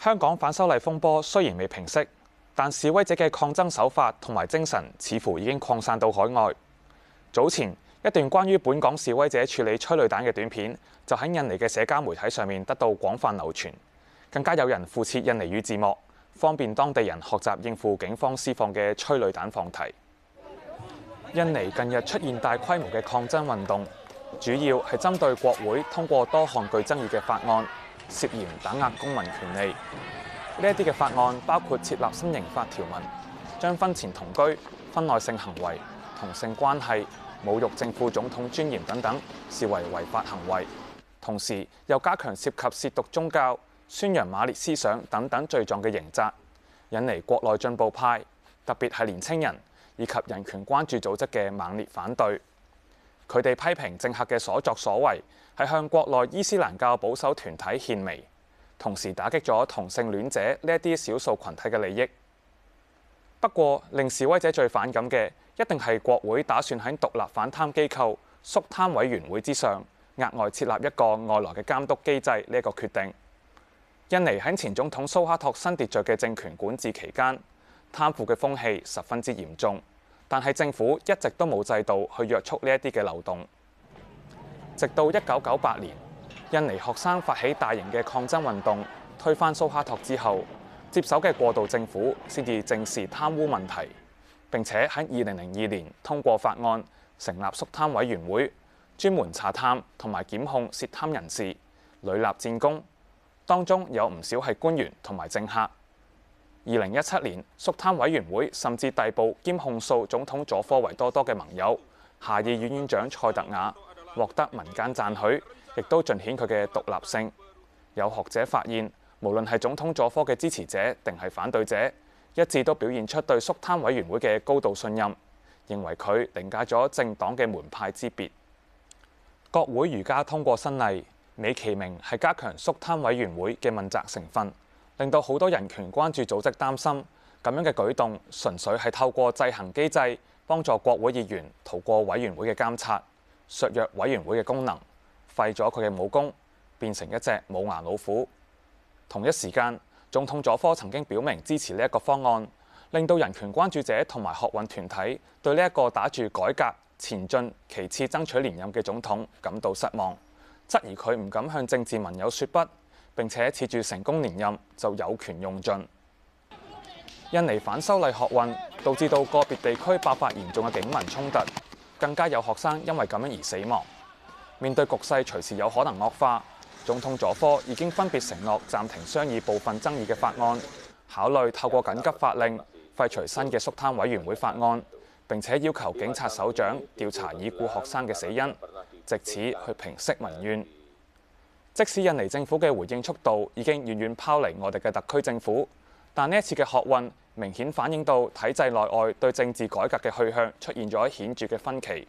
香港反修例風波雖然未平息，但示威者嘅抗爭手法同埋精神似乎已經擴散到海外。早前一段關於本港示威者處理催淚彈嘅短片，就喺印尼嘅社交媒體上面得到廣泛流傳，更加有人附設印尼語字幕，方便當地人學習應付警方施放嘅催淚彈放題。印尼近日出現大規模嘅抗爭運動，主要係針對國會通過多項具爭議嘅法案。涉嫌打壓公民權利，呢一啲嘅法案包括設立新刑法條文，將婚前同居、婚外性行為、同性關係、侮辱正副總統尊嚴等等視為違法行為，同時又加強涉及褻瀆宗教、宣揚馬列思想等等罪狀嘅刑責，引嚟國內進步派，特別係年輕人以及人權關注組織嘅猛烈反對。佢哋批評政客嘅所作所為係向國內伊斯蘭教保守團體獻媚，同時打擊咗同性戀者呢一啲少數群體嘅利益。不過，令示威者最反感嘅一定係國會打算喺獨立反貪機構縮貪委員會之上額外設立一個外來嘅監督機制呢個決定。印尼喺前總統蘇哈托新秩序嘅政權管治期間，貪腐嘅風氣十分之嚴重。但係政府一直都冇制度去約束呢一啲嘅漏洞，直到一九九八年印尼學生發起大型嘅抗爭運動，推翻蘇哈托之後，接手嘅過渡政府先至正視貪污問題，並且喺二零零二年通過法案，成立肅貪委員會，專門查貪同埋檢控涉貪人士，屢立戰功，當中有唔少係官員同埋政客。二零一七年，肅貪委員會甚至逮捕兼控訴總統佐科維多多嘅盟友，下議院院長塞特雅獲得民間讚許，亦都盡顯佢嘅獨立性。有學者發現，無論係總統佐科嘅支持者定係反對者，一致都表現出對肅貪委員會嘅高度信任，認為佢凌駕咗政黨嘅門派之別。國會而家通過新例，美其名係加強肅貪委員會嘅問責成分。令到好多人權關注組織擔心，咁樣嘅舉動純粹係透過制衡機制幫助國會議員逃過委員會嘅監察，削弱委員會嘅功能，廢咗佢嘅武功，變成一隻冇牙老虎。同一時間，總統佐科曾經表明支持呢一個方案，令到人權關注者同埋學運團體對呢一個打住改革、前進、其次爭取連任嘅總統感到失望，質疑佢唔敢向政治盟友說不。並且持住成功連任，就有權用盡。印尼反修例學運導致到個別地區爆發嚴重嘅警民衝突，更加有學生因為咁樣而死亡。面對局勢隨時有可能惡化，總統佐科已經分別承諾暫停商議部分爭議嘅法案，考慮透過緊急法令廢除新嘅肅貪委員會法案，並且要求警察首長調查已故學生嘅死因，藉此去平息民怨。即使印尼政府嘅回應速度已經遠遠拋離我哋嘅特區政府，但呢一次嘅學運明顯反映到體制內外對政治改革嘅去向出現咗顯著嘅分歧。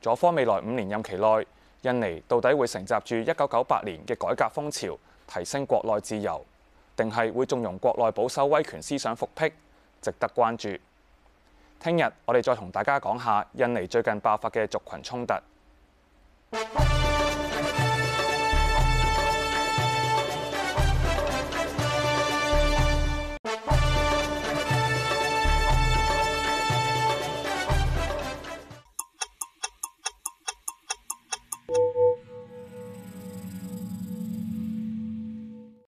佐科未來五年任期內，印尼到底會承襲住一九九八年嘅改革風潮，提升國內自由，定係會縱容國內保守威權思想復辟，值得關注。聽日我哋再同大家講一下印尼最近爆發嘅族群衝突。